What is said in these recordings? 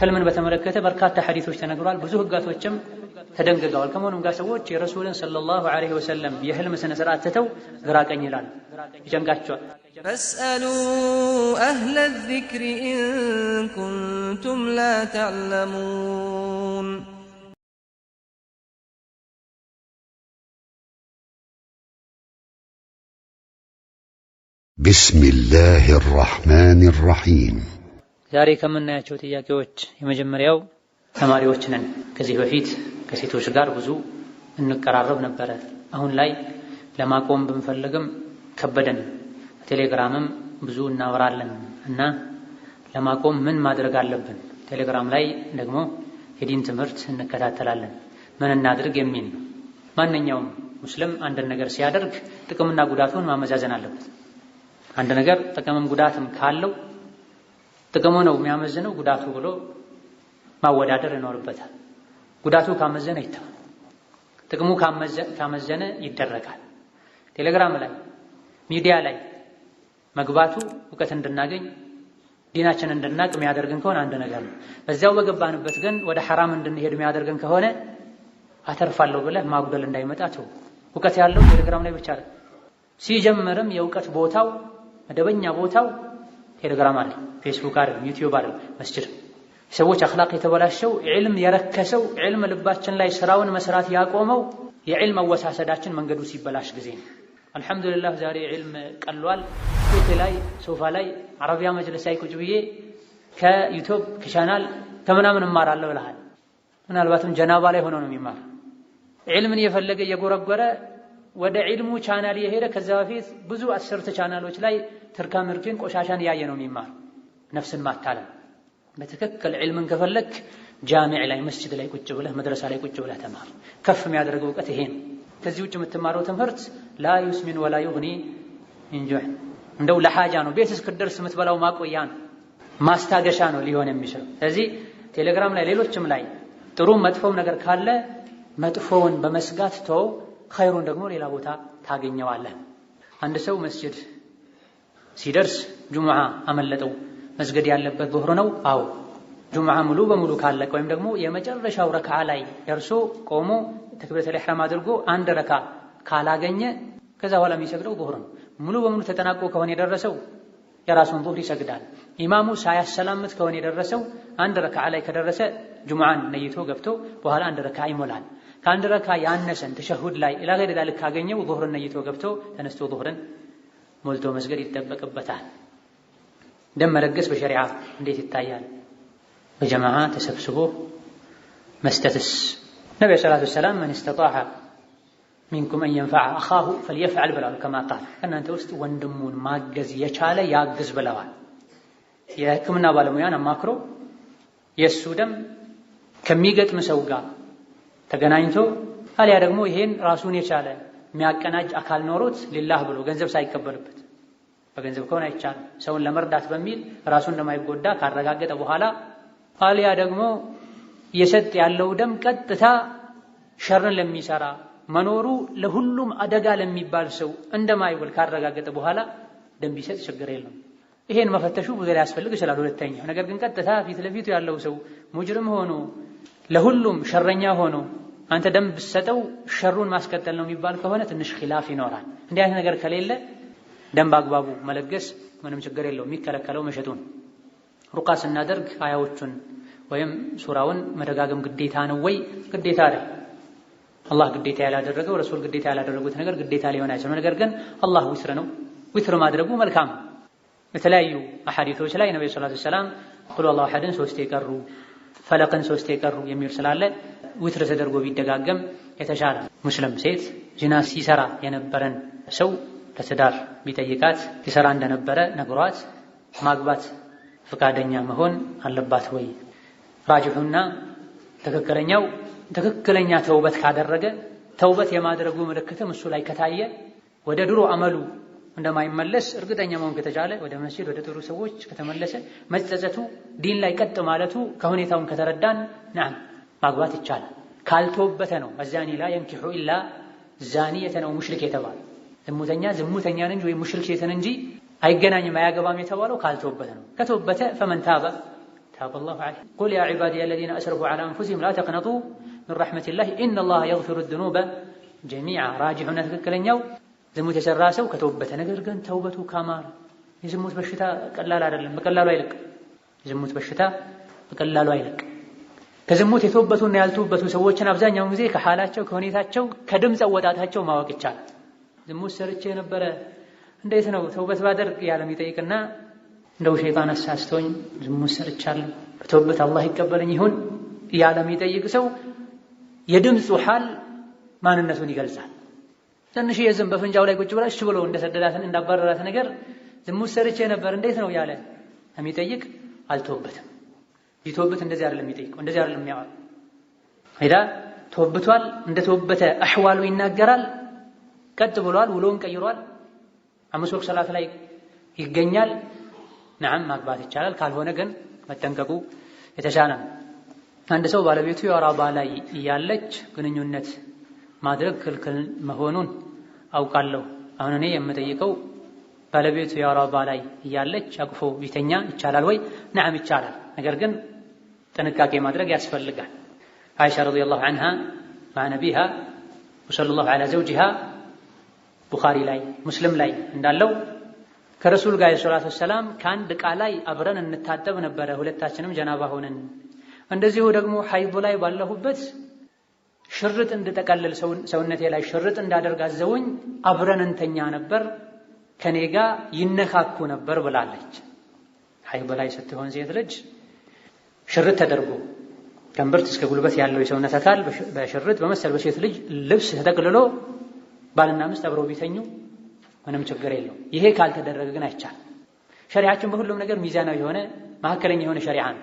ህልምን በተመለከተ በርካታ ሐዲሶች ተነግሯል። ብዙ ህጋቶችም ተደንግገዋል። ከመሆኑም ጋር ሰዎች የረሱልን ሰለላሁ ዐለይሂ ወሰለም የህልም ስነ ስርዓት ትተው ግራ ቀኝ ይላሉ፣ ይጨንቃቸዋል። ፈስአሉ አህለ ዚክሪ ኢን ኩንቱም ላ ተዕለሙን بسم الله الرحمن الرحيم ዛሬ ከምናያቸው ጥያቄዎች የመጀመሪያው ተማሪዎች ነን። ከዚህ በፊት ከሴቶች ጋር ብዙ እንቀራረብ ነበረ። አሁን ላይ ለማቆም ብንፈልግም ከበደን። በቴሌግራምም ብዙ እናወራለን እና ለማቆም ምን ማድረግ አለብን? ቴሌግራም ላይ ደግሞ የዲን ትምህርት እንከታተላለን። ምን እናድርግ የሚል ነው። ማንኛውም ሙስልም አንድን ነገር ሲያደርግ ጥቅምና ጉዳቱን ማመዛዘን አለበት። አንድ ነገር ጥቅምም ጉዳትም ካለው ጥቅሙ ነው የሚያመዝነው ጉዳቱ ብሎ ማወዳደር ይኖርበታል። ጉዳቱ ካመዘነ ይተው፣ ጥቅሙ ካመዘነ ይደረጋል። ቴሌግራም ላይ ሚዲያ ላይ መግባቱ እውቀት እንድናገኝ ዲናችን እንድናቅ የሚያደርግን ከሆነ አንድ ነገር ነው። በዚያው በገባንበት ግን ወደ ሐራም እንድንሄድ የሚያደርግን ከሆነ አተርፋለሁ ብለህ ማጉደል እንዳይመጣ ተው። እውቀት ያለው ቴሌግራም ላይ ብቻ ሲጀምርም የእውቀት ቦታው መደበኛ ቦታው ቴሌግራም አለ፣ ፌስቡክ አለ፣ ዩቲዩብ አለ፣ መስጅድ። ሰዎች አኽላቅ የተበላሸው ዕልም የረከሰው ዕልም ልባችን ላይ ስራውን መስራት ያቆመው የዕልም አወሳሰዳችን መንገዱ ሲበላሽ ጊዜ ነው። አልሐምዱሊላህ ዛሬ ዕልም ቀሏል። ሱቅ ላይ ሶፋ ላይ አረቢያ መጅለስ ላይ ቁጭ ብዬ ከዩቱብ ከቻናል ከምናምን እማራለሁ ብለሃል። ምናልባትም ጀናባ ላይ ሆኖ ነው የሚማር ዕልምን እየፈለገ እየጎረጎረ ወደ ዒልሙ ቻናል የሄደ ከዛ በፊት ብዙ አስርት ቻናሎች ላይ ትርካ ምርኪን ቆሻሻን እያየ ነው የሚማር ነፍስን ማታለም። በትክክል ዒልምን ከፈለክ ጃሚዕ ላይ መስጅድ ላይ ቁጭ ብለህ መድረሳ ላይ ቁጭ ብለህ ተማር። ከፍ የሚያደርገው እውቀት ይሄ ነው። ከዚህ ውጭ የምትማረው ትምህርት ላ ዩስሚን ወላ ዩግኒ እንጆዕ እንደው ለሓጃ ነው። ቤት እስክደርስ የምትበላው ማቆያ ነው፣ ማስታገሻ ነው ሊሆን የሚችለው። ስለዚህ ቴሌግራም ላይ ሌሎችም ላይ ጥሩም መጥፎም ነገር ካለ መጥፎውን በመስጋት ተው። ኸይሩን ደግሞ ሌላ ቦታ ታገኘዋለህ። አንድ ሰው መስጅድ ሲደርስ ጁሙዓ አመለጠው፣ መስገድ ያለበት ዙህር ነው። አዎ ጁሙዓ ሙሉ በሙሉ ካለቀ ወይም ደግሞ የመጨረሻው ረክዓ ላይ ደርሶ ቆሞ ተክቢረተል ኢሕራም አድርጎ አንድ ረካ ካላገኘ ከዛ በኋላ የሚሰግደው ዙህር ነው። ሙሉ በሙሉ ተጠናቆ ከሆነ የደረሰው የራሱን ዙህር ይሰግዳል። ኢማሙ ሳያሰላምት ከሆነ የደረሰው አንድ ረክዓ ላይ ከደረሰ ጁሙዓን ነይቶ ገብቶ በኋላ አንድ ረክዓ ይሞላል። ከአንድ ረካ ያነሰን ተሸሁድ ላይ ኢላ ገይሪ ዛልክ ካገኘው ዙህርን ነይቶ ገብቶ ተነስቶ ዙህርን ሞልቶ መስገድ ይጠበቅበታል። ደም መረገስ በሸሪዓ እንዴት ይታያል? በጀማዓ ተሰብስቦ መስጠትስ? ነቢ ሰላቱ ሰላም መን ስተጣዐ ሚንኩም አን የንፈዐ አኻሁ ፈልየፍዐል ብለዋል። ከማጣል ከእናንተ ውስጥ ወንድሙን ማገዝ የቻለ ያግዝ ብለዋል። የሕክምና ባለሙያን አማክሮ የእሱ ደም ከሚገጥም ሰው ጋር ተገናኝቶ አሊያ ደግሞ ይሄን ራሱን የቻለ የሚያቀናጅ አካል ኖሮት ሊላህ ብሎ ገንዘብ ሳይቀበልበት በገንዘብ ከሆነ አይቻልም። ሰውን ለመርዳት በሚል ራሱን እንደማይጎዳ ካረጋገጠ በኋላ አሊያ ደግሞ የሰጥ ያለው ደም ቀጥታ ሸርን ለሚሰራ መኖሩ ለሁሉም አደጋ ለሚባል ሰው እንደማይውል ካረጋገጠ በኋላ ደም ቢሰጥ ችግር የለም። ይሄን መፈተሹ ብዙ ሊያስፈልግ ይችላል። ሁለተኛው ነገር ግን ቀጥታ ፊት ለፊቱ ያለው ሰው ሙጅርም ሆኖ ለሁሉም ሸረኛ ሆኖ አንተ ደንብ ብትሰጠው ሸሩን ማስቀጠል ነው የሚባል ከሆነ ትንሽ ኪላፍ ይኖራል። እንዲህ አይነት ነገር ከሌለ ደንብ አግባቡ መለገስ ምንም ችግር የለው። የሚከለከለው መሸጡ ነው። ሩቃ ስናደርግ አያዎቹን ወይም ሱራውን መደጋገም ግዴታ ነው ወይ? ግዴታ አይደል። አላህ ግዴታ ያላደረገው ረሱል ግዴታ ያላደረጉት ነገር ግዴታ ሊሆን አይችልም። ነገር ግን አላህ ዊትር ነው፣ ዊትር ማድረጉ መልካም። የተለያዩ አሐዲቶች ላይ ነቢ ሰለላሁ ሰላም ወሰለም ቁል ሁወላሁ አሐድን ሶስቴ ቀሩ ፈለቅን ሶስት የቀሩ የሚል ስላለ ውትር ተደርጎ ቢደጋገም የተሻለ። ሙስሊም ሴት ዚና ሲሰራ የነበረን ሰው ለትዳር ቢጠይቃት ሲሰራ እንደነበረ ነግሯት ማግባት ፈቃደኛ መሆን አለባት ወይ? ራጅሑና ትክክለኛው ትክክለኛ ተውበት ካደረገ ተውበት የማድረጉ ምልክትም እሱ ላይ ከታየ ወደ ድሮ አመሉ እንደማይመለስ እርግጠኛ መሆን ከተቻለ ወደ መስጂድ ወደ ጥሩ ሰዎች ከተመለሰ መጸጸቱ ዲን ላይ ቀጥ ማለቱ ከሁኔታውን ከተረዳን ናም ማግባት ይቻላል። ካልተወበተ ነው አዛኒ ላ የንኪሑ ኢላ ዛኒየተ ነው ሙሽሪክ የተባለ ዝሙተኛ ዝሙተኛን እንጂ ወይም ሙሽሪክ ሴትን እንጂ አይገናኝም አያገባም የተባለው ካልተወበተ ነው። ከተወበተ ፈመን ታበ ታበ ላሁ ዐለይሂ ቁል ያ ዒባዲየ አለዚነ አስረፉ ዐላ አንፉሲሂም ላ ተቅነጡ ሚን ረሕመቲላሂ ኢነላሃ የግፊሩ ዙኑበ ጀሚዓ ራጂሑና ትክክለኛው ዝሙት የሰራ ሰው ከተውበተ፣ ነገር ግን ተውበቱ ካማረ የዝሙት በሽታ ቀላል አይደለም፣ በቀላሉ አይለቅ። የዝሙት በሽታ በቀላሉ አይልቅ ከዝሙት የተውበቱና ያልተውበቱ ሰዎችን አብዛኛውን ጊዜ ከሓላቸው ከሁኔታቸው ከድምፅ አወጣታቸው ማወቅ ይቻላል። ዝሙት ሰርቼ የነበረ እንዴት ነው ተውበት ባደርግ ያለም ይጠይቅና እንደው ሸይጣን አሳስቶኝ ዝሙት ሰርቻለሁ በተውበት አላህ ይቀበለኝ ይሁን ያለም ይጠይቅ ሰው የድምፁ ሓል ማንነቱን ይገልጻል። ትንሽዬ ዝም በፍንጃው ላይ ቁጭ ብላ እሺ ብሎ እንደሰደዳትን እንዳባረራት ነገር ዝሙት ሰርቼ ነበር እንዴት ነው ያለ የሚጠይቅ አልተወበትም። ቢተወበት እንደዚህ አይደለም የሚጠይቀው፣ እንደዚህ አይደለም የሚያወራው። ሄዳ ተወብቷል፣ እንደተወበተ አህዋሉ ይናገራል። ቀጥ ብሏል፣ ውሎውን ቀይሯል። አምስት ወቅት ሰላት ላይ ይገኛል። ነዓም ማግባት ይቻላል። ካልሆነ ግን መጠንቀቁ የተሻለ ነው። አንድ ሰው ባለቤቱ የወር አበባ ላይ እያለች ግንኙነት ማድረግ ክልክል መሆኑን አውቃለሁ። አሁን እኔ የምጠይቀው ባለቤቱ የአውራባ ላይ እያለች አቅፎ ቢተኛ ይቻላል ወይ? ነዓም ይቻላል። ነገር ግን ጥንቃቄ ማድረግ ያስፈልጋል። አይሻ ረዲየላሁ ዐንሃ ማነቢሃ ወሰለላሁ ዐላ ዘውጂሃ ቡኻሪ ላይ ሙስሊም ላይ እንዳለው ከረሱል ጋር ሰላቱ ሰላም ከአንድ ዕቃ ላይ አብረን እንታጠብ ነበረ ሁለታችንም ጀናባ ሆነን። እንደዚሁ ደግሞ ሐይድ ላይ ባለሁበት ሽርጥ እንድጠቀልል ሰውነቴ ላይ ሽርጥ እንዳደርግ አዘውኝ አብረን እንተኛ ነበር፣ ከእኔ ጋር ይነካኩ ነበር ብላለች። ሀይድ ላይ ስትሆን ሴት ልጅ ሽርጥ ተደርጎ ከእምብርት እስከ ጉልበት ያለው የሰውነት አካል በሽርጥ በመሰል በሴት ልጅ ልብስ ተጠቅልሎ ባልና ሚስት አብረው ቢተኙ ምንም ችግር የለው። ይሄ ካልተደረገ ግን አይቻል። ሸሪዓችን በሁሉም ነገር ሚዛናዊ የሆነ መካከለኛ የሆነ ሸሪዓ ነው።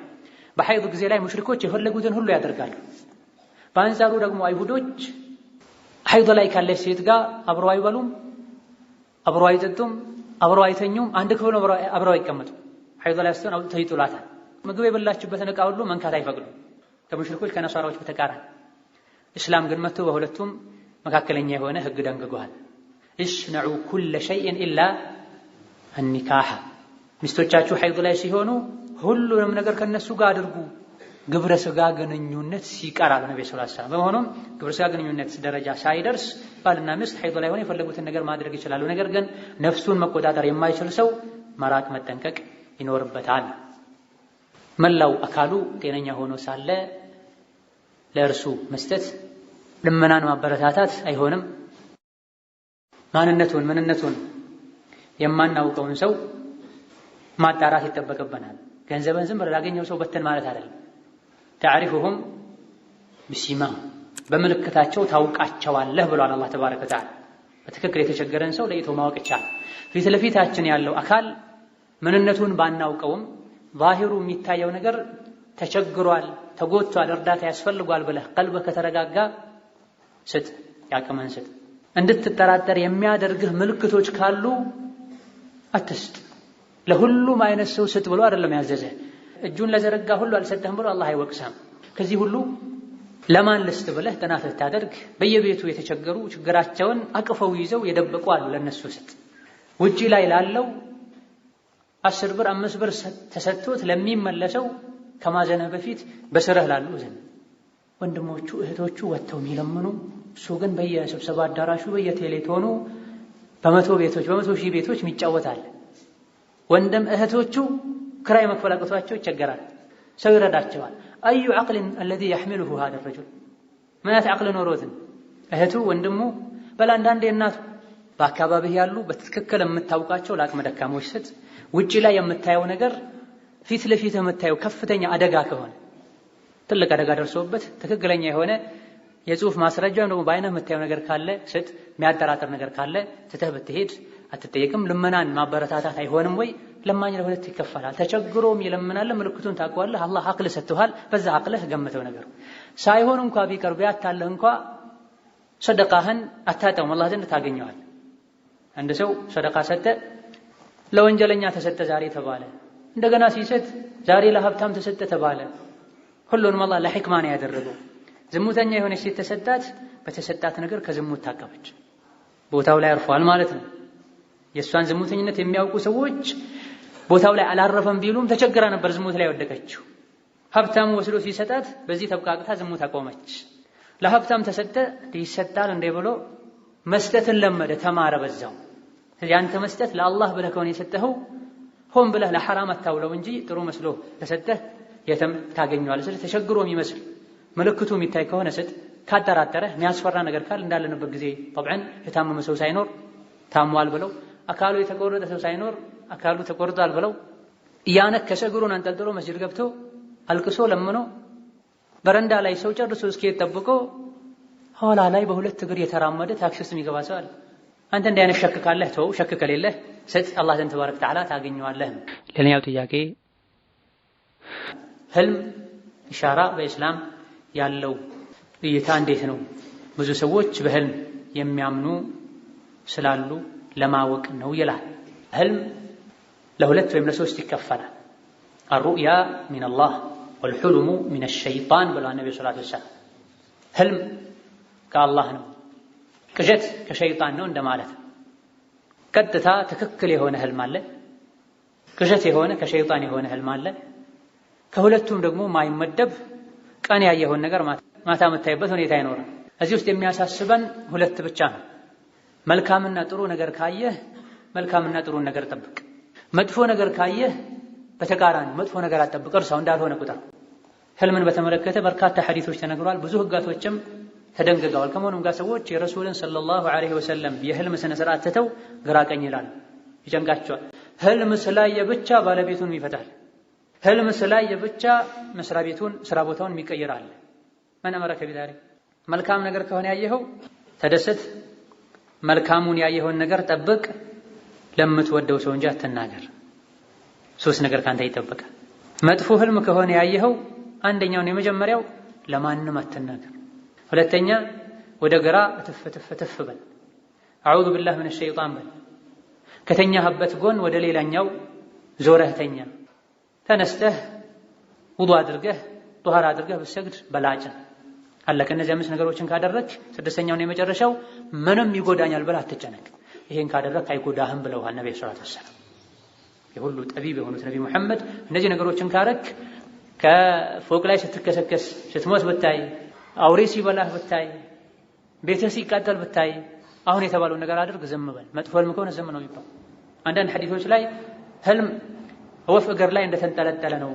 በሀይ ጊዜ ላይ ሙሽሪኮች የፈለጉትን ሁሉ ያደርጋሉ። በአንጻሩ ደግሞ አይሁዶች ሐይድ ላይ ካለች ሴት ጋር አብረው አይበሉም፣ አብረው አይጠጡም፣ አብረው አይተኙም። አንድ ክፍል አብረው አይቀመጡም። ሐይድ ላይ ስትሆን አውጥተው ይጥሏታል። ምግብ የበላችበትን ዕቃ ሁሉ መንካት አይፈቅዱም። ከሙሽሪኮች ከነሳራዎች በተቃራኒ እስላም ግን መጥቶ በሁለቱም መካከለኛ የሆነ ህግ ደንግጓል። እሽነዑ ኩለ ሸይእን ኢላ አኒካሐ ሚስቶቻችሁ ሐይድ ላይ ሲሆኑ ሁሉንም ነገር ከነሱ ጋር አድርጉ ግብረ ስጋ ግንኙነት ሲቀር አሉ ነቢ ስላ ስላም። በመሆኑም ግብረ ስጋ ግንኙነት ደረጃ ሳይደርስ ባልና ሚስት ሐይድ ላይ ሆነ የፈለጉትን ነገር ማድረግ ይችላሉ። ነገር ግን ነፍሱን መቆጣጠር የማይችል ሰው መራቅ መጠንቀቅ ይኖርበታል። መላው አካሉ ጤነኛ ሆኖ ሳለ ለእርሱ መስጠት ልመናን ማበረታታት አይሆንም። ማንነቱን ምንነቱን የማናውቀውን ሰው ማጣራት ይጠበቅብናል። ገንዘብን ዝም ብለህ ላገኘው ሰው በትን ማለት አይደለም። ተዕሪፉሁም ብሲማም በምልክታቸው ታውቃቸዋለህ ብሏል አላህ ተባረከ ወተዓላ። በትክክል የተቸገረን ሰው ለይቶ ማወቅ ይቻላል። ፊት ለፊታችን ያለው አካል ምንነቱን ባናውቀውም ዛሂሩ የሚታየው ነገር ተቸግሯል፣ ተጎድቷል፣ እርዳታ ያስፈልጓል ብለህ ቀልብህ ከተረጋጋ ስጥ፣ ያቅምህን ስጥ። እንድትጠራጠር የሚያደርግህ ምልክቶች ካሉ አትስጥ። ለሁሉም አይነት ሰው ስጥ ብሎ አይደለም ያዘዘህ እጁን ለዘረጋ ሁሉ አልሰጠህም ብሎ አላህ አይወቅሰም። ከዚህ ሁሉ ለማን ልስጥ ብለህ ጥናት ስታደርግ በየቤቱ የተቸገሩ ችግራቸውን አቅፈው ይዘው የደበቁ አሉ። ለእነሱ ስጥ። ውጪ ላይ ላለው አስር ብር አምስት ብር ተሰጥቶት ለሚመለሰው ከማዘነ በፊት በስረህ ላሉ ዘንድ ወንድሞቹ እህቶቹ ወጥተው የሚለምኑ እሱ ግን በየስብሰባ አዳራሹ በየቴሌቶኑ በመቶ ቤቶች በመቶ ሺህ ቤቶች ይጫወታል። ወንድም እህቶቹ ክራይ መክፈል አቅቷቸው ይቸገራል። ሰው ይረዳቸዋል። አዩ ዐቅልን አለዚ የሕሚሉሁ ሃደ ረጁል ምንያት ዐቅል ኖሮትን እህቱ ወንድሙ በላ አንዳንዴ እናቱ በአካባቢህ ያሉ በትክክል የምታውቃቸው ለአቅመ ደካሞች ስጥ። ውጪ ላይ የምታየው ነገር ፊት ለፊት የምታየው ከፍተኛ አደጋ ከሆነ ትልቅ አደጋ ደርሶበት ትክክለኛ የሆነ የጽሁፍ ማስረጃ ወይም ደግሞ በአይነህ የምታየው ነገር ካለ ስጥ። የሚያጠራጥር ነገር ካለ ትተህ ብትሄድ አትጠየቅም። ልመናን ማበረታታት አይሆንም ወይ? ለማኝ ለሁለት ይከፈላል። ተቸግሮም ይለምናል። ምልክቱን ታውቀዋለህ። አላህ አቅል ሰጥቷል። በዛ አቅልህ ገምተው ነገር ሳይሆን እንኳ ቢቀር ቢያታለህ እንኳ ሰደቃህን አታጠውም፣ አላህ ዘንድ ታገኘዋል። አንድ ሰው ሰደቃ ሰጠ፣ ለወንጀለኛ ተሰጠ ዛሬ ተባለ። እንደገና ሲሰጥ ዛሬ ለሀብታም ተሰጠ ተባለ። ሁሉንም አላህ ለሕክማ ነው ያደረገው። ዝሙተኛ የሆነች ሴት ተሰጣት፣ በተሰጣት ነገር ከዝሙት ታቀበች። ቦታው ላይ አርፏል ማለት ነው። የእሷን ዝሙተኝነት የሚያውቁ ሰዎች ቦታው ላይ አላረፈም ቢሉም ተቸግራ ነበር ዝሙት ላይ ወደቀችው። ሀብታም ወስዶ ሲሰጣት በዚህ ተብቃቅታ ዝሙት አቆመች። ለሀብታም ተሰጠ ይሰጣል እንደ ብሎ መስጠትን ለመደ፣ ተማረ በዛው። ያንተ መስጠት ለአላህ ብለህ ከሆነ የሰጠኸው ሆን ብለህ ለሐራም አታውለው እንጂ ጥሩ መስሎ ተሰጠህ የተም ታገኘዋለህ። ስለ ተቸግሮ የሚመስል ምልክቱ የሚታይ ከሆነ ስጥ። ካጠራጠረህ የሚያስፈራ ነገር ካል እንዳለንበት ጊዜ ጠብዐን የታመመ ሰው ሳይኖር ታሟል ብለው አካሉ የተቆረጠ ሰው ሳይኖር አካሉ ተቆርጧል ብለው እያነከሰ እግሩን አንጠልጥሎ መስጂድ ገብቶ አልቅሶ ለምኖ በረንዳ ላይ ሰው ጨርሶ እስኪሄድ ጠብቆ ኋላ ላይ በሁለት እግር የተራመደ ታክሲ ውስጥ የሚገባ ሰው አለ። አንተ እንዲህ አይነት ሸክ ካለህ ተው፣ ሸክ ከሌለህ ስጥ፣ አላህ ዘንድ ተባረክ ተዓላ ታገኘዋለህ። ሌላኛው ጥያቄ ህልም ኢሻራ በኢስላም ያለው እይታ እንዴት ነው? ብዙ ሰዎች በህልም የሚያምኑ ስላሉ ለማወቅ ነው ይላል። ህልም ለሁለት ወይም ለሶስት ይከፈላል። አሩእያ ሚን አላህ ወልሑሉሙ ሚን ሸይጣን ብለዋል ነቢ ሰላት ወሰላም። ህልም ከአላህ ነው፣ ቅዠት ከሸይጣን ነው እንደማለት ነው። ቀጥታ ትክክል የሆነ ህልም አለ፣ ቅዠት የሆነ ከሸይጣን የሆነ ህልም አለ። ከሁለቱም ደግሞ ማይመደብ ቀን ያየኸውን ነገር ማታ የምታይበት ሁኔታ ይኖራል። እዚህ ውስጥ የሚያሳስበን ሁለት ብቻ ነው። መልካምና ጥሩ ነገር ካየህ መልካምና ጥሩ ነገር ጠብቅ። መጥፎ ነገር ካየህ በተቃራኒ መጥፎ ነገር አጠብቅ፣ እርሳው እንዳልሆነ ቁጠር። ህልምን በተመለከተ በርካታ ሐዲሶች ተነግሯል፣ ብዙ ህጋቶችም ተደንግገዋል። ከመሆኑም ጋር ሰዎች የረሱልን ሰለላሁ ዐለይሂ ወሰለም የህልም ስነ ስርዓት ትተው ግራ ቀኝ ይላል። ይጨንቃቸዋል። ህልም ስላየ ብቻ ባለቤቱን ይፈታል። ህልም ስላየ ብቻ መስሪያ ቤቱን ስራ ቦታውን ይቀይራል። መነመረ ከቢዳሪ መልካም ነገር ከሆነ ያየኸው ተደሰት መልካሙን ያየኸውን ነገር ጠብቅ፣ ለምትወደው ሰው እንጂ አትናገር። ሶስት ነገር ካንተ ይጠበቃል። መጥፎ ህልም ከሆነ ያየኸው አንደኛውን የመጀመሪያው ለማንም አትናገር። ሁለተኛ ወደ ግራ እትፍ እትፍ እትፍ በል፣ አዑዙ ቢላህ ሚነ ሸይጣን በል። ከተኛህበት ጎን ወደ ሌላኛው ዞረህ ተኛ። ተነስተህ ውዱእ አድርገህ ጧሃራ አድርገህ ብትሰግድ በላጭ አለቀ። ከነዚህ አምስት ነገሮችን ካደረክ ስድስተኛውን የመጨረሻው ምንም ይጎዳኛል ብለህ አትጨነቅ። ይሄን ካደረክ አይጎዳህም ብለውሃል ነቢ ሰላት ወሰላም። የሁሉ ጠቢብ የሆኑት ነቢ ሙሐመድ እነዚህ ነገሮችን ካረክ ከፎቅ ላይ ስትከሰከስ ስትሞት ብታይ፣ አውሬ ሲበላህ ብታይ፣ ቤተ ሲቃጠል ብታይ፣ አሁን የተባለው ነገር አድርግ፣ ዝም በል። መጥፎ ህልም ከሆነ ዝም ነው ይባል። አንዳንድ ሐዲሶች ላይ ህልም ወፍ እግር ላይ እንደተንጠለጠለ ነው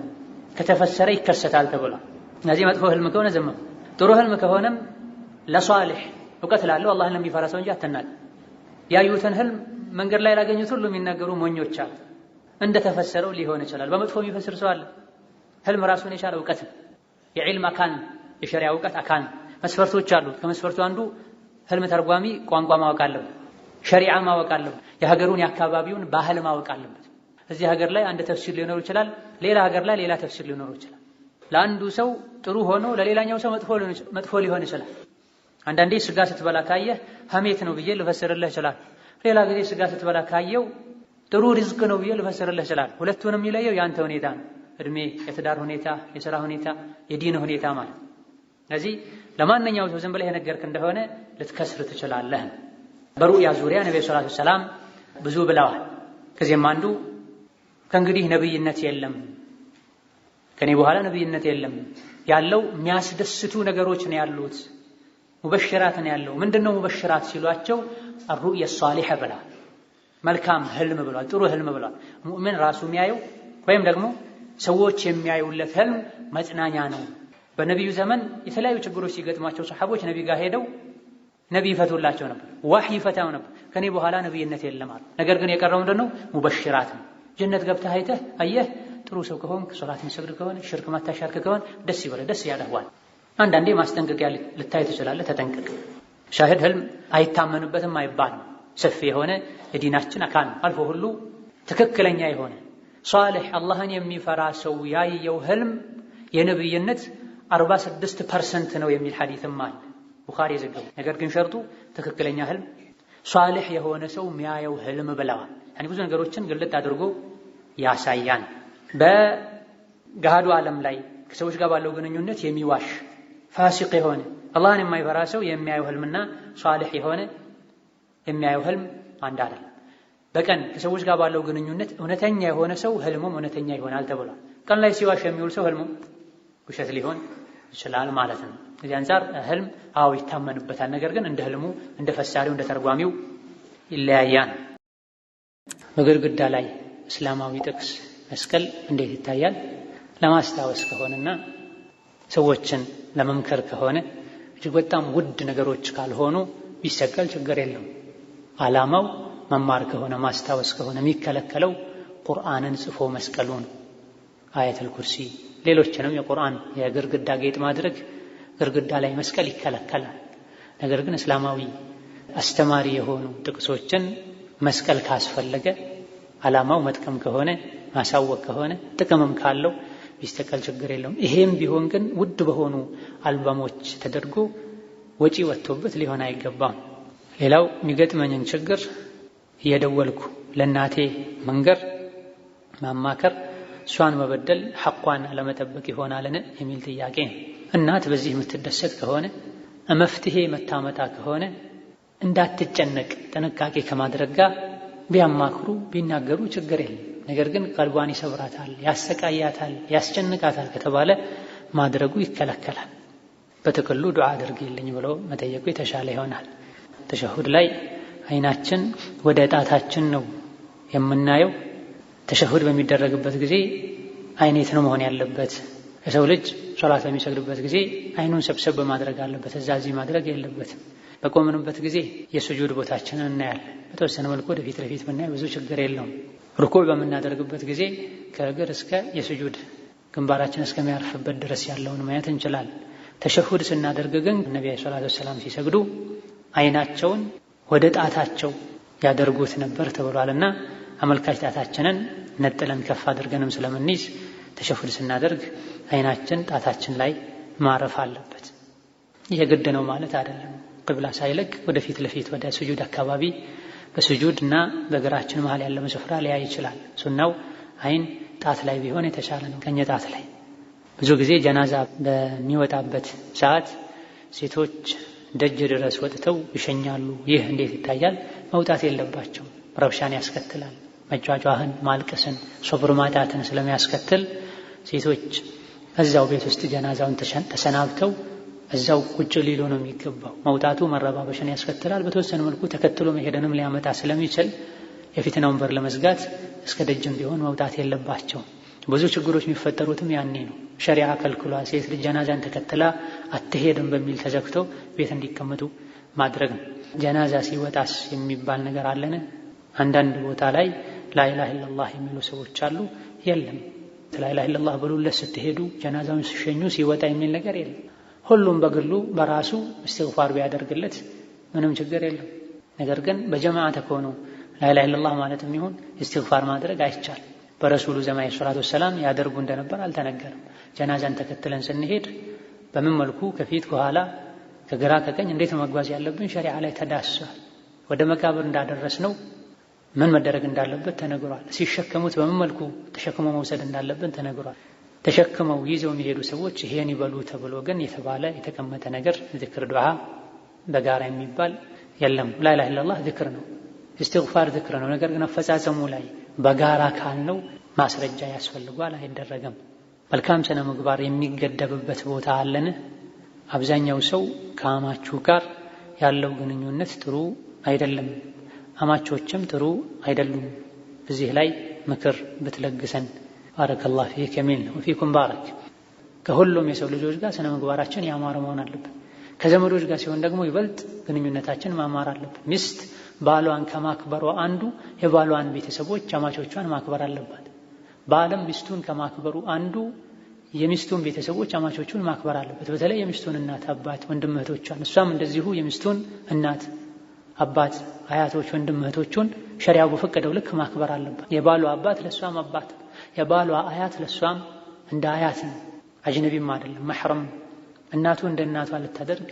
ከተፈሰረ ይከሰታል ተብሏል። እነዚህ መጥፎ ህልም ከሆነ ዝም ነው ጥሩ ህልም ከሆነም ለሷልሕ እውቀት ላለው አላህን ለሚፈራ ሰው እንጂ አትናቅ። ያዩትን ህልም መንገድ ላይ ላገኙት ሁሉ የሚናገሩ ሞኞች አሉ። እንደተፈሰረው ሊሆን ይችላል። በመጥፎ የሚፈስር ሰው አለ። ህልም ራሱን የቻለ እውቀት የዒልም አካል የሸሪያ እውቀት አካል መስፈርቶች አሉት። ከመስፈርቱ አንዱ ህልም ተርጓሚ ቋንቋ ማወቅ አለበት፣ ሸሪዓ ማወቅ አለበት፣ የሀገሩን የአካባቢውን ባህል ማወቅ አለበት። እዚህ ሀገር ላይ አንድ ተፍሲር ሊኖር ይችላል፣ ሌላ ሀገር ላይ ሌላ ተፍሲር ሊኖር ይችላል። ለአንዱ ሰው ጥሩ ሆኖ ለሌላኛው ሰው መጥፎ ሊሆን ይችላል። አንዳንዴ ስጋ ስትበላ ካየህ ሀሜት ነው ብዬ ልፈስርልህ ይችላል። ሌላ ጊዜ ስጋ ስትበላ ካየው ጥሩ ሪዝቅ ነው ብዬ ልፈስርልህ ይችላል። ሁለቱን የሚለየው የአንተ ሁኔታ ነው። እድሜ፣ የትዳር ሁኔታ፣ የስራ ሁኔታ፣ የዲን ሁኔታ ማለት ስለዚህ ለማንኛውም ሰው ዝም ብለህ የነገርክ እንደሆነ ልትከስር ትችላለህ። በሩያ ዙሪያ ነቢ ሰላቱ ሰላም ብዙ ብለዋል። ከዚህም አንዱ ከእንግዲህ ነብይነት የለም ከኔ በኋላ ነብይነት የለም ያለው የሚያስደስቱ ነገሮች ነው ያሉት። ሙበሽራት ነው ያለው። ምንድነው ሙበሽራት ሲሏቸው አሩእየ ሷሊሐ ብላ መልካም ህልም ብሏል። ጥሩ ህልም ብሏል። ሙእሚን ራሱ የሚያየው ወይም ደግሞ ሰዎች የሚያዩለት ህልም መጽናኛ ነው። በነቢዩ ዘመን የተለያዩ ችግሮች ሲገጥሟቸው ሰሓቦች ነቢይ ጋር ሄደው ነቢይ ይፈቱላቸው ነበር፣ ዋህ ይፈታው ነበር። ከኔ በኋላ ነብይነት የለም አሉ። ነገር ግን የቀረው ምንድነው ሙበሽራት ነው። ጀነት ገብተህ አይተህ አየህ ጥሩ ሰው ከሆንክ ሶላት የሚሰግድ ከሆነ ሽርክ ማታሻርክ ከሆን ደስ ይበለ ደስ ያለዋል። አንዳንዴ ማስጠንቀቂያ ልታይ ትችላለህ። ተጠንቀቅ። ሻሂድ ህልም አይታመንበትም አይባልም። ሰፊ የሆነ የዲናችን አካል ነው። አልፎ ሁሉ ትክክለኛ የሆነ ሷልሕ አላህን የሚፈራ ሰው ያየው ህልም የነብይነት 46 ፐርሰንት ነው የሚል ሐዲትም አለ ቡኻሪ የዘገቡ ነገር ግን ሸርጡ ትክክለኛ ህልም ሷልሕ የሆነ ሰው ሚያየው ህልም ብለዋል። ብዙ ነገሮችን ግልጥ አድርጎ ያሳያል። በገሃዱ ዓለም ላይ ከሰዎች ጋር ባለው ግንኙነት የሚዋሽ ፋሲቅ የሆነ አላህን የማይፈራ ሰው የሚያየው ህልምና ሷልሕ የሆነ የሚያየው ህልም አንድ አይደለም። በቀን ከሰዎች ጋር ባለው ግንኙነት እውነተኛ የሆነ ሰው ህልሙም እውነተኛ ይሆናል ተብሏል። ቀን ላይ ሲዋሽ የሚውል ሰው ህልሙም ውሸት ሊሆን ይችላል ማለት ነው። እዚህ አንጻር ህልም አዎ ይታመንበታል። ነገር ግን እንደ ህልሙ፣ እንደ ፈሳሪው፣ እንደ ተርጓሚው ይለያያል። በግድግዳ ላይ እስላማዊ ጥቅስ መስቀል እንዴት ይታያል? ለማስታወስ ከሆነና ሰዎችን ለመምከር ከሆነ እጅግ በጣም ውድ ነገሮች ካልሆኑ ቢሰቀል ችግር የለውም። ዓላማው መማር ከሆነ ማስታወስ ከሆነ የሚከለከለው ቁርአንን ጽፎ መስቀሉን አያተል ኩርሲ፣ ሌሎችንም የቁርአን የግርግዳ ጌጥ ማድረግ ግርግዳ ላይ መስቀል ይከለከላል። ነገር ግን እስላማዊ አስተማሪ የሆኑ ጥቅሶችን መስቀል ካስፈለገ ዓላማው መጥቀም ከሆነ ማሳወቅ ከሆነ ጥቅምም ካለው ቢስተካከል ችግር የለውም። ይሄም ቢሆን ግን ውድ በሆኑ አልበሞች ተደርጎ ወጪ ወጥቶበት ሊሆን አይገባም። ሌላው የሚገጥመኝን ችግር እየደወልኩ ለእናቴ መንገር፣ ማማከር እሷን መበደል ሐቋን አለመጠበቅ ይሆናልን የሚል ጥያቄ ነው። እናት በዚህ የምትደሰት ከሆነ መፍትሄ መታመጣ ከሆነ እንዳትጨነቅ ጥንቃቄ ከማድረግ ጋር ቢያማክሩ ቢናገሩ ችግር የለም። ነገር ግን ቀልቧን ይሰብራታል፣ ያሰቃያታል፣ ያስጨንቃታል ከተባለ ማድረጉ ይከለከላል። በጥቅሉ ዱዓ አድርግልኝ ብሎ መጠየቁ የተሻለ ይሆናል። ተሸሁድ ላይ አይናችን ወደ ጣታችን ነው የምናየው። ተሸሁድ በሚደረግበት ጊዜ አይኔት ነው መሆን ያለበት? የሰው ልጅ ሶላት በሚሰግድበት ጊዜ አይኑን ሰብሰብ በማድረግ አለበት። እዛ እዚህ ማድረግ የለበትም። በቆምንበት ጊዜ የሱጁድ ቦታችንን እናያለን። በተወሰነ መልኩ ወደፊት ለፊት ብናይ ብዙ ችግር የለውም። ርኩዕ በምናደርግበት ጊዜ ከእግር እስከ የስጁድ ግንባራችን እስከሚያርፍበት ድረስ ያለውን ማየት እንችላለን። ተሸሁድ ስናደርግ ግን ነቢ ሰላት ወሰላም ሲሰግዱ አይናቸውን ወደ ጣታቸው ያደርጉት ነበር ተብሏልና አመልካች ጣታችንን ነጥለን ከፍ አድርገንም ስለምንይዝ ተሸሁድ ስናደርግ አይናችን ጣታችን ላይ ማረፍ አለበት። ይህ ግድ ነው ማለት አይደለም። ቅብላ ሳይለቅ ወደፊት ለፊት ወደ ስጁድ አካባቢ በስጁድ እና በእግራችን መሃል ያለውን ስፍራ ሊያይ ይችላል። ሱናው አይን ጣት ላይ ቢሆን የተሻለ ነው፣ ከኛ ጣት ላይ። ብዙ ጊዜ ጀናዛ በሚወጣበት ሰዓት ሴቶች ደጅ ድረስ ወጥተው ይሸኛሉ። ይህ እንዴት ይታያል? መውጣት የለባቸው ረብሻን ያስከትላል። መጫጫህን፣ ማልቀስን፣ ሶብር ማጣትን ስለሚያስከትል ሴቶች እዛው ቤት ውስጥ ጀናዛውን ተሰናብተው እዛው ቁጭ ሊሉ ነው የሚገባው። መውጣቱ መረባበሽን ያስከትላል። በተወሰነ መልኩ ተከትሎ መሄደንም ሊያመጣ ስለሚችል የፊትናውን በር ለመዝጋት እስከ ደጅም ቢሆን መውጣት የለባቸው። ብዙ ችግሮች የሚፈጠሩትም ያኔ ነው። ሸሪዓ ከልክሏ ሴት ልጅ ጀናዛን ተከትላ አትሄድም በሚል ተዘግተው ቤት እንዲቀመጡ ማድረግ ነው። ጀናዛ ሲወጣስ የሚባል ነገር አለን? አንዳንድ ቦታ ላይ ላኢላህ ኢላላህ የሚሉ ሰዎች አሉ። የለም ላኢላህ ኢላላህ ብሎለት ስትሄዱ ጀናዛውን ሲሸኙ ሲወጣ የሚል ነገር የለም። ሁሉም በግሉ በራሱ እስትግፋር ቢያደርግለት ምንም ችግር የለም። ነገር ግን በጀማዓ ተከሆኑ ላኢላሀ ኢለላህ ማለት የሚሆን እስትግፋር ማድረግ አይቻል። በረሱሉ ዘመን ሰላቱ ወሰላም ያደርጉ እንደነበር አልተነገርም። ጀናዛን ተከትለን ስንሄድ በምን መልኩ ከፊት ከኋላ ከግራ ከቀኝ እንዴት መጓዝ ያለብን ሸሪዓ ላይ ተዳስሷል። ወደ መቃብር እንዳደረስ ነው ምን መደረግ እንዳለበት ተነግሯል። ሲሸከሙት በምን መልኩ ተሸክሞ መውሰድ እንዳለብን ተነግሯል። ተሸክመው ይዘው የሚሄዱ ሰዎች ይሄን ይበሉ ተብሎ ግን የተባለ የተቀመጠ ነገር ዝክር፣ ዱዓ በጋራ የሚባል የለም። ላኢላሃ ኢለላህ ዝክር ነው፣ እስትግፋር ዝክር ነው። ነገር ግን አፈጻጸሙ ላይ በጋራ ካልነው ማስረጃ ያስፈልጓል፣ አይደረገም። መልካም ስነ ምግባር የሚገደብበት ቦታ አለን። አብዛኛው ሰው ከአማችሁ ጋር ያለው ግንኙነት ጥሩ አይደለም፣ አማቾችም ጥሩ አይደሉም። እዚህ ላይ ምክር ብትለግሰን ባረከላህ ፊክ የሚል ነው። ፊኩም ባረክ። ከሁሉም የሰው ልጆች ጋር ስነ ምግባራችን ያማረ መሆን አለብን። ከዘመዶች ጋር ሲሆን ደግሞ ይበልጥ ግንኙነታችን ማማር አለብን። ሚስት ባሏን ከማክበሯ አንዱ የባሏን ቤተሰቦች አማቾቿን ማክበር አለባት። ባልም ሚስቱን ከማክበሩ አንዱ የሚስቱን ቤተሰቦች አማቾቹን ማክበር አለበት። በተለይ የሚስቱን እናት፣ አባት፣ ወንድም እህቶቿን እሷም እንደዚሁ የሚስቱን እናት፣ አባት፣ አያቶች፣ ወንድም እህቶቹን ሸሪያው በፈቀደው ልክ ማክበር አለባት። የባሏ አባት ለእሷም አባት የባሏ አያት ለሷም እንደ አያት ነው። አጅነቢም አይደለም፣ መሕረም እናቱ እንደ እናቷ ልታደርግ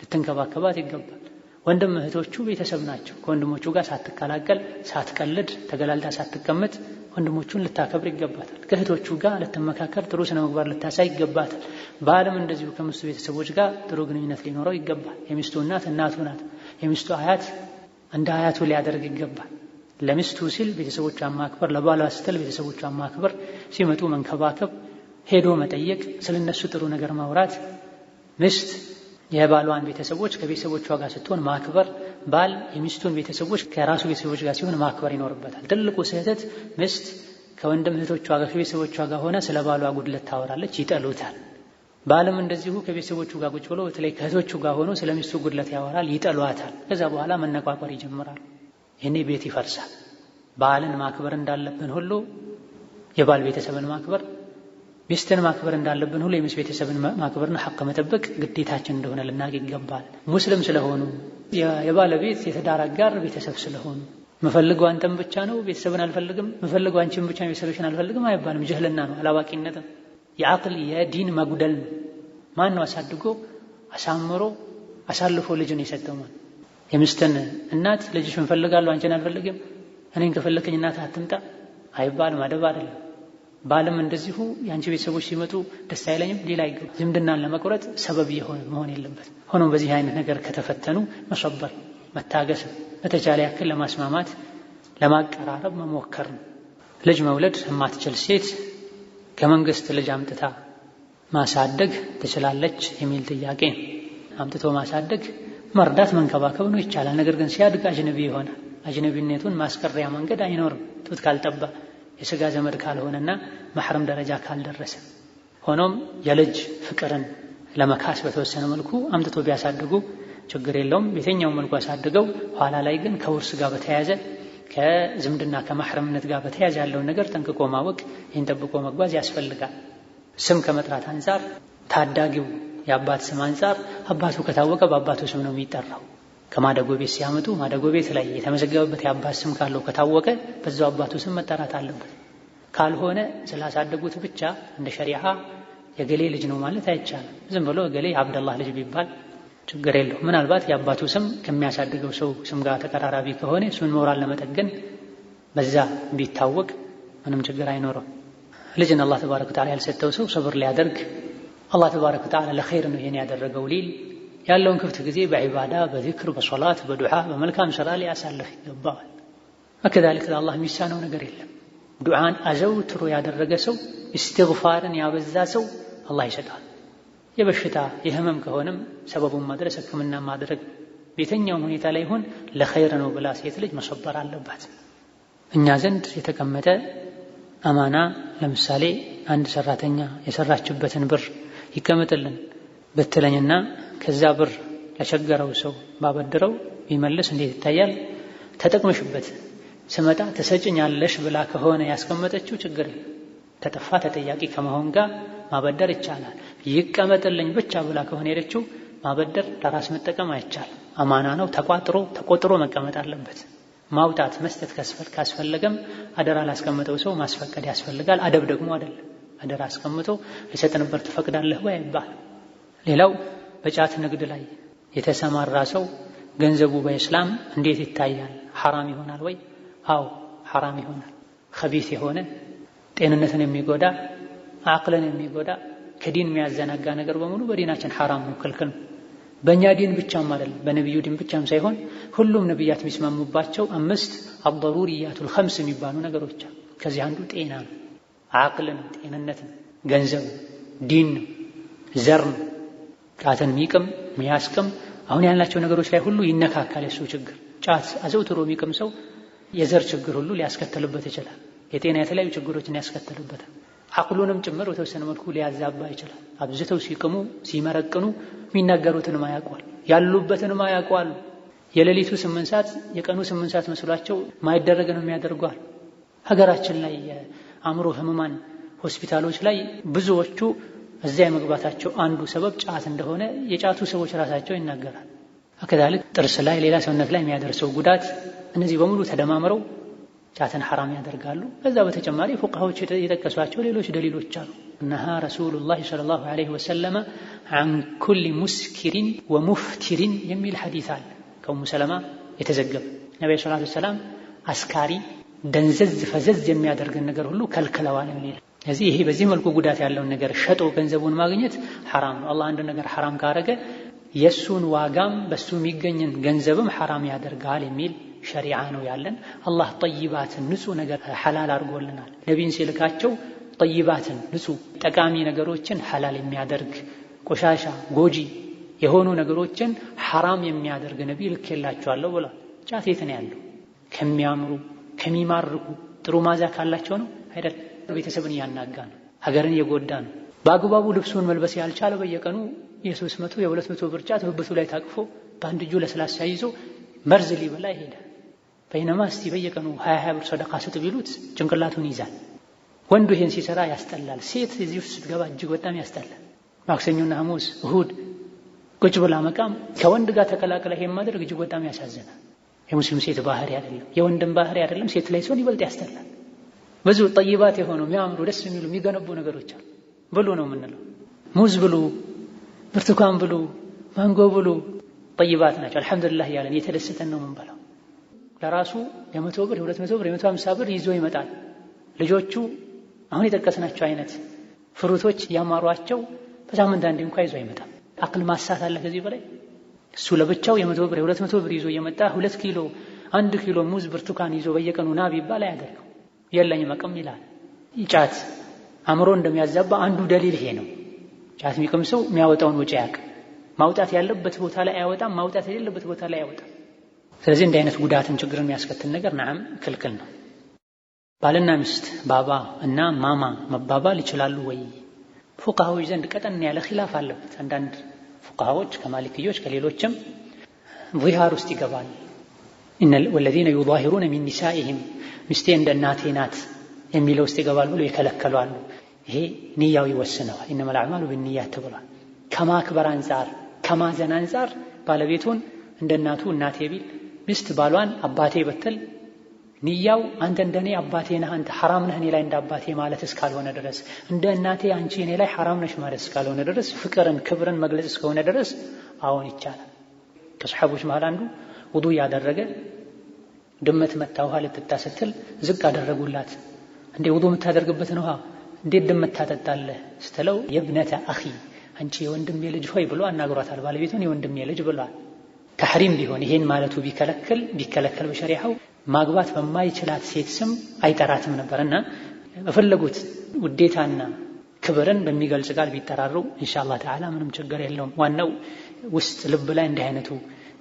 ልትንከባከባት ይገባል። ወንድም እህቶቹ ቤተሰብ ናቸው። ከወንድሞቹ ጋር ሳትቀላቀል፣ ሳትቀልድ፣ ተገላልታ ሳትቀመጥ ወንድሞቹን ልታከብር ይገባታል። ከእህቶቹ ጋር ልትመካከል፣ ጥሩ ስነ ምግባር ልታሳይ ይገባታል። ባልም እንደዚሁ ከሚስቱ ቤተሰቦች ጋር ጥሩ ግንኙነት ሊኖረው ይገባል። የሚስቱ እናት እናቱ ናት። የሚስቱ አያት እንደ አያቱ ሊያደርግ ይገባል። ለሚስቱ ሲል ቤተሰቦቿን ማክበር፣ ለባሏ ስትል ቤተሰቦቿን ማክበር፣ ሲመጡ መንከባከብ፣ ሄዶ መጠየቅ፣ ስለነሱ ጥሩ ነገር ማውራት፣ ሚስት የባሏን ቤተሰቦች ከቤተሰቦቿ ጋር ስትሆን ማክበር፣ ባል የሚስቱን ቤተሰቦች ከራሱ ቤተሰቦች ጋር ሲሆን ማክበር ይኖርበታል። ትልቁ ስህተት ሚስት ከወንድም እህቶቿ ጋር ከቤተሰቦቿ ጋር ሆነ ስለ ባሏ ጉድለት ታወራለች፣ ይጠሉታል። ባልም እንደዚሁ ከቤተሰቦቹ ጋር ቁጭ ብሎ በተለይ ከእህቶቹ ጋር ሆኖ ስለሚስቱ ጉድለት ያወራል፣ ይጠሏታል። ከዛ በኋላ መነቋቋር ይጀምራል። ይህኔ ቤት ይፈርሳል። ባልን ማክበር እንዳለብን ሁሉ የባል ቤተሰብን ማክበር፣ ሚስትን ማክበር እንዳለብን ሁሉ የሚስት ቤተሰብን ማክበርና ሐቅ መጠበቅ ግዴታችን እንደሆነ ልናቅ ይገባል። ሙስልም ስለሆኑ የባለቤት የትዳር አጋር ቤተሰብ ስለሆኑ ምፈልገው አንተም ብቻ ነው ቤተሰብን አልፈልግም፣ መፈልገው አንቺም ብቻ ነው ቤተሰብሽን አልፈልግም አይባልም። ጅህልና ነው አላዋቂነትም፣ የአቅል የዲን መጉደል ነው። ማን ነው አሳድጎ አሳምሮ አሳልፎ ልጅን የሰጠው? የሚስትን እናት ልጅሽ እፈልጋለሁ አንቺን አልፈልግም፣ እኔን ከፈለከኝ እናት አትምጣ አይባልም። አደብ አይደለም። ባልም እንደዚሁ የአንቺ ቤተሰቦች ሲመጡ ደስ አይለኝም ሌላ አይገባ። ዝምድናን ለመቁረጥ ሰበብ የሆነ መሆን የለበት። ሆኖም በዚህ አይነት ነገር ከተፈተኑ መሰበር፣ መታገስ፣ በተቻለ ያክል ለማስማማት ለማቀራረብ መሞከር ነው። ልጅ መውለድ የማትችል ሴት ከመንግስት ልጅ አምጥታ ማሳደግ ትችላለች የሚል ጥያቄ አምጥቶ ማሳደግ መርዳት መንከባከብ ነው ይቻላል። ነገር ግን ሲያድግ አጅነቢ ይሆናል። አጅነቢነቱን ማስቀሪያ መንገድ አይኖርም። ጡት ካልጠባ የስጋ ዘመድ ካልሆነና ማሕረም ደረጃ ካልደረሰ፣ ሆኖም የልጅ ፍቅርን ለመካስ በተወሰነ መልኩ አምጥቶ ቢያሳድጉ ችግር የለውም። የትኛው መልኩ አሳድገው፣ ኋላ ላይ ግን ከውርስ ጋር በተያያዘ ከዝምድና ከማሕረምነት ጋር በተያያዘ ያለውን ነገር ጠንቅቆ ማወቅ፣ ይህን ጠብቆ መጓዝ ያስፈልጋል። ስም ከመጥራት አንጻር ታዳጊው የአባት ስም አንጻር አባቱ ከታወቀ በአባቱ ስም ነው የሚጠራው። ከማደጎ ቤት ሲያመጡ ማደጎ ቤት ላይ የተመዘገበበት የአባት ስም ካለው ከታወቀ በዛው አባቱ ስም መጠራት አለበት። ካልሆነ ስላሳደጉት ብቻ እንደ ሸሪዓ የገሌ ልጅ ነው ማለት አይቻልም። ዝም ብሎ ገሌ አብደላህ ልጅ ቢባል ችግር የለው። ምናልባት የአባቱ ስም ከሚያሳድገው ሰው ስም ጋር ተቀራራቢ ከሆነ እሱን ሞራል ለመጠገን በዛ ቢታወቅ ምንም ችግር አይኖረም። ልጅን አላህ ተባረከ ወተዓላ ያልሰጠው ሰው ሰብር ሊያደርግ አላህ ተባረከ ወተዓላ ለኸይር ነው ይሄን ያደረገው ሊል ያለውን ክፍት ጊዜ በዒባዳ በዝክር፣ በሶላት በዱዓ በመልካም ስራ ላይ አሳልፍ ይገባዋል። ወከዛሊክ ለአላህ የሚሳነው ነገር የለም። ዱዓን አዘውትሮ ያደረገ ሰው፣ እስትግፋርን ያበዛ ሰው አላህ ይሰጣል። የበሽታ የህመም ከሆነም ሰበቡን ማድረስ ህክምና ማድረግ ቤተኛውም ሁኔታ ላይ ይሁን ለኸይር ነው ብላ ሴት ልጅ መሰበር አለባት። እኛ ዘንድ የተቀመጠ አማና ለምሳሌ አንድ ሰራተኛ የሰራችበትን ብር ይቀመጥልን ብትለኝና ከዛ ብር ለቸገረው ሰው ባበድረው ቢመልስ እንዴት ይታያል? ተጠቅመሽበት ስመጣ ትሰጭኛለሽ ብላ ከሆነ ያስቀመጠችው ችግር ተጠፋ ተጠያቂ ከመሆን ጋር ማበደር ይቻላል። ይቀመጥልኝ ብቻ ብላ ከሆነ ሄደችው ማበደር ለራስ መጠቀም አይቻል። አማና ነው፣ ተቋጥሮ ተቆጥሮ መቀመጥ አለበት። ማውጣት መስጠት ካስፈለገም አደራ ላስቀመጠው ሰው ማስፈቀድ ያስፈልጋል። አደብ ደግሞ አይደለም። አደራ አስቀምጦ ልሰጥ ነበር ትፈቅዳለህ ወይ አይባል። ሌላው በጫት ንግድ ላይ የተሰማራ ሰው ገንዘቡ በእስላም እንዴት ይታያል? ሐራም ይሆናል ወይ? አዎ ሐራም ይሆናል። ከቢት የሆነ ጤንነትን የሚጎዳ አቅልን የሚጎዳ ከዲን የሚያዘናጋ ነገር በሙሉ በዲናችን ሐራም ነው፣ ክልክል ነው። በእኛ ዲን ብቻም አይደለም በነቢዩ ዲን ብቻም ሳይሆን ሁሉም ነቢያት የሚስማሙባቸው አምስት አልደሩሪያቱል ኸምስ የሚባሉ ነገሮች ከዚህ አንዱ ጤና ነው። አቅልን፣ ጤንነትን ገንዘብ ዲን ዘር ጫትን የሚቅም የሚያስቅም አሁን ያላቸው ነገሮች ላይ ሁሉ ይነካካል የሱ ችግር። ጫት አዘውትሮ የሚቅም ሰው የዘር ችግር ሁሉ ሊያስከተልበት ይችላል። የጤና የተለያዩ ችግሮችን ያስከተልበታል። አቅሉንም ጭምር በተወሰነ መልኩ ሊያዛባ ይችላል። አብዝተው ሲቅሙ ሲመረቅኑ የሚናገሩትን አያውቋል፣ ያሉበትንም አያውቋል። የሌሊቱ ስምንት ሰዓት የቀኑ ስምንት ሰዓት መስሏቸው ማይደረግንም ያደርጓል። ሀገራችን ላይ አእምሮ ህሙማን ሆስፒታሎች ላይ ብዙዎቹ እዚያ የመግባታቸው አንዱ ሰበብ ጫት እንደሆነ የጫቱ ሰዎች ራሳቸው ይናገራል። አከዳልክ ጥርስ ላይ፣ ሌላ ሰውነት ላይ የሚያደርሰው ጉዳት እነዚህ በሙሉ ተደማምረው ጫትን ሐራም ያደርጋሉ። ከዛ በተጨማሪ ፉቃሃዎች የጠቀሷቸው ሌሎች ደሊሎች አሉ። ነሃ ረሱሉላህ ሰለላሁ ዐለይሂ ወሰለመ አን ኩሊ ሙስኪሪን ወሙፍቲሪን የሚል ሐዲስ አለ። ከኡሙ ሰለማ የተዘገበ ነቢ ሰላቱ ሰላም አስካሪ ደንዘዝ ፈዘዝ የሚያደርግን ነገር ሁሉ ከልክለዋል የሚል ስለዚህ ይሄ በዚህ መልኩ ጉዳት ያለውን ነገር ሸጦ ገንዘቡን ማግኘት ሐራም ነው። አላህ አንድ ነገር ሐራም ካረገ የእሱን ዋጋም በሱ የሚገኝን ገንዘብም ሐራም ያደርጋል የሚል ሸሪዓ ነው ያለን። አላህ ጠይባትን ንጹህ ነገር ሐላል አድርጎልናል። ነቢን ሲልካቸው ጠይባትን ንጹህ ጠቃሚ ነገሮችን ሐላል የሚያደርግ ቆሻሻ፣ ጎጂ የሆኑ ነገሮችን ሐራም የሚያደርግ ነቢ ልኬላችኋለሁ ብሏል። ጫት የት ነው ያለው? ከሚያምሩ ከሚማርኩ ጥሩ ማዛ ካላቸው ነው አይደል? ቤተሰብን እያናጋ ነው፣ ሀገርን እየጎዳ ነው። በአግባቡ ልብሱን መልበስ ያልቻለ በየቀኑ የሶስት መቶ የሁለት መቶ ብርጫ ትብብቱ ላይ ታቅፎ በአንድ እጁ ለስላሳ ይዞ መርዝ ሊበላ ይሄዳል። በይነማ እስቲ በየቀኑ ሀያ ሀያ ብር ሰደቃ ስጥ ቢሉት ጭንቅላቱን ይዛል። ወንዱ ይሄን ሲሰራ ያስጠላል። ሴት እዚህ ውስጥ ስትገባ እጅግ በጣም ያስጠላል። ማክሰኞና ሐሙስ፣ እሁድ ቁጭ ብላ መቃም ከወንድ ጋር ተቀላቅላ ይሄን ማድረግ እጅግ በጣም ያሳዝናል። የሙስሊም ሴት ባህሪ አይደለም፣ የወንድም ባህሪ አይደለም። ሴት ላይ ሲሆን ይበልጥ ያስጠላል። ብዙ ጠይባት የሆኑ የሚያምሩ ደስ የሚሉ የሚገነቡ ነገሮች አሉ። ብሉ ነው የምንለው። ሙዝ ብሉ፣ ብርቱካን ብሉ፣ ማንጎ ብሉ። ጠይባት ናቸው። አልሐምዱሊላህ እያለን የተደሰተን ነው የምንበላው። ለራሱ የመቶ ብር የሁለት መቶ ብር የመቶ ሃምሳ ብር ይዞ ይመጣል። ልጆቹ አሁን የጠቀስናቸው አይነት ፍሩቶች እያማሯቸው በሳምንት አንዴ እንኳ ይዞ አይመጣም። አቅል ማሳት አለ ከዚህ በላይ እሱ ለብቻው የመቶ ብር የሁለት መቶ ብር ይዞ እየመጣ ሁለት ኪሎ አንድ ኪሎ ሙዝ ብርቱካን ይዞ በየቀኑ ና ቢባል አያደርገው። የለኝም አቅም ይላል። ጫት አእምሮ እንደሚያዛባ አንዱ ደሊል ይሄ ነው። ጫት የሚቅም ሰው የሚያወጣውን ወጪ ያቅ ማውጣት ያለበት ቦታ ላይ አያወጣም፣ ማውጣት የሌለበት ቦታ ላይ አያወጣም። ስለዚህ እንዲህ አይነት ጉዳትን ችግርን የሚያስከትል ነገር ናም ክልክል ነው። ባልና ሚስት ባባ እና ማማ መባባል ይችላሉ ወይ? ፉቃሃዎች ዘንድ ቀጠን ያለ ኪላፍ አለበት። አንዳንድ ፉቅሃዎች ከማሊክዮች ከሌሎችም ዚሃር ውስጥ ይገባል። ወለዚነ ዩዛሂሩነ ሚን ኒሳኢሂም ሚስቴ እንደ እናቴ ናት የሚለው ውስጥ ይገባል ብሎ የከለከሉ አሉ። ይሄ ንያው ይወስነዋል። ኢነመል አዕማሉ ቢንኒያት ተብሏል። ከማክበር አንጻር ከማዘን አንጻር ባለቤቱን እንደ እናቱ እናቴ ቢል ሚስት ባሏን አባቴ ብትል ንያው አንተ እንደኔ አባቴ ነህ፣ አንተ ሐራም ነህ እኔ ላይ እንደ አባቴ ማለት እስካልሆነ ድረስ እንደ እናቴ አንቺ እኔ ላይ ሐራም ነሽ ማለት እስካልሆነ ድረስ ፍቅርን፣ ክብርን መግለጽ እስከሆነ ድረስ አሁን ይቻላል። ከሰሓቦች መሃል አንዱ ውዱ ያደረገ ድመት መታ ውሃ ልትጠጣ ስትል ዝቅ አደረጉላት። እንዴ ውዱ የምታደርግበትን ውሃ እንዴት ድመት ታጠጣለህ ስትለው የብነተ አኺ አንቺ የወንድሜ ልጅ ሆይ ብሎ አናግሯታል። ባለቤቱን የወንድሜ ልጅ ብሏል። ተሕሪም ቢሆን ይሄን ማለቱ ቢከለከል ቢከለከል በሸሪዓው ማግባት በማይችላት ሴት ስም አይጠራትም ነበር እና በፈለጉት ውዴታና ክብርን በሚገልጽ ቃል ቢጠራሩ እንሻላ ተዓላ ምንም ችግር የለውም። ዋናው ውስጥ ልብ ላይ እንዲህ አይነቱ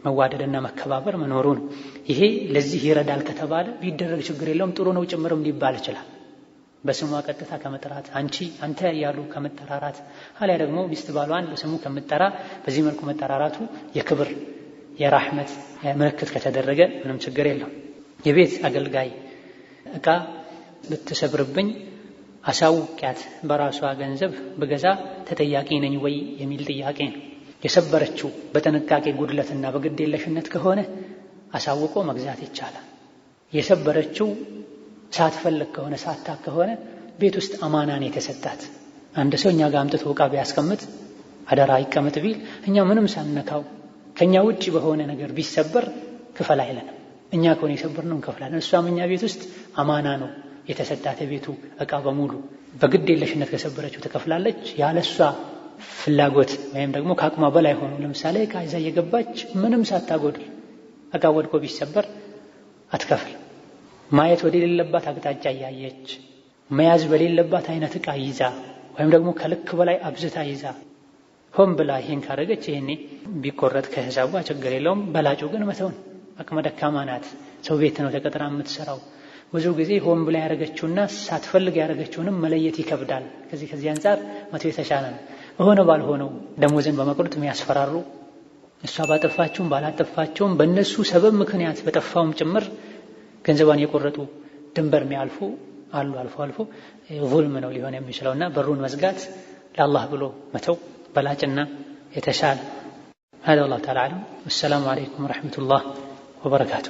መዋደድና መከባበር መኖሩ ነው። ይሄ ለዚህ ይረዳል ከተባለ ቢደረግ ችግር የለውም ጥሩ ነው ጭምርም ሊባል ይችላል። በስሟ ቀጥታ ከመጠራት አንቺ፣ አንተ እያሉ ከመጠራራት አሊያ ደግሞ ሚስት ባሏን በስሙ ከምጠራ በዚህ መልኩ መጠራራቱ የክብር የራህመት ምልክት ከተደረገ ምንም ችግር የለውም። የቤት አገልጋይ እቃ ብትሰብርብኝ አሳውቂያት በራሷ ገንዘብ ብገዛ ተጠያቂ ነኝ ወይ የሚል ጥያቄ ነው። የሰበረችው በጥንቃቄ ጉድለትና በግዴለሽነት ከሆነ አሳውቆ መግዛት ይቻላል። የሰበረችው ሳትፈልግ ከሆነ ሳታ ከሆነ ቤት ውስጥ አማናን የተሰጣት አንድ ሰው እኛ ጋር አምጥቶ ዕቃ ቢያስቀምጥ አደራ ይቀመጥ ቢል እኛ ምንም ሳነካው ከኛ ውጭ በሆነ ነገር ቢሰበር ክፈል አይለንም። እኛ ከሆነ የሰበርነው እንከፍላለን። እሷም እኛ ቤት ውስጥ አማና ነው የተሰጣተ ቤቱ እቃ በሙሉ በግድ የለሽነት ከሰበረችው ትከፍላለች። ያለሷ ፍላጎት ወይም ደግሞ ከአቅሟ በላይ ሆኖ ለምሳሌ እቃ ይዛ እየገባች ምንም ሳታጎድል እቃ ወድቆ ቢሰበር አትከፍል። ማየት ወደሌለባት አቅጣጫ እያየች መያዝ በሌለባት አይነት እቃ ይዛ ወይም ደግሞ ከልክ በላይ አብዝታ ይዛ ሆን ብላ ይህን ካደረገች ይህኔ ቢቆረጥ ከሂሳቧ ችግር የለውም። በላጩ ግን መተውን አቅመ ደካማ ናት። ሰው ቤት ነው ተቀጥራ የምትሰራው። ብዙ ጊዜ ሆን ብላ ያደረገችውና ሳትፈልግ ያደረገችውንም መለየት ይከብዳል። ከዚህ ከዚህ አንጻር መተው የተሻለ ነው። በሆነ ባልሆነው ደሞዝን በመቁረጥ የሚያስፈራሩ እሷ ባጠፋችሁም ባላጠፋቸውም በእነሱ ሰበብ ምክንያት በጠፋውም ጭምር ገንዘቧን የቆረጡ ድንበር የሚያልፉ አሉ። አልፎ አልፎ ቮልም ነው ሊሆን የሚችለውና በሩን መዝጋት ለአላህ ብሎ መተው በላጭና የተሻለ። هذا والله تعالى أعلم والسلام عليكم ورحمة الله ወበረካቱ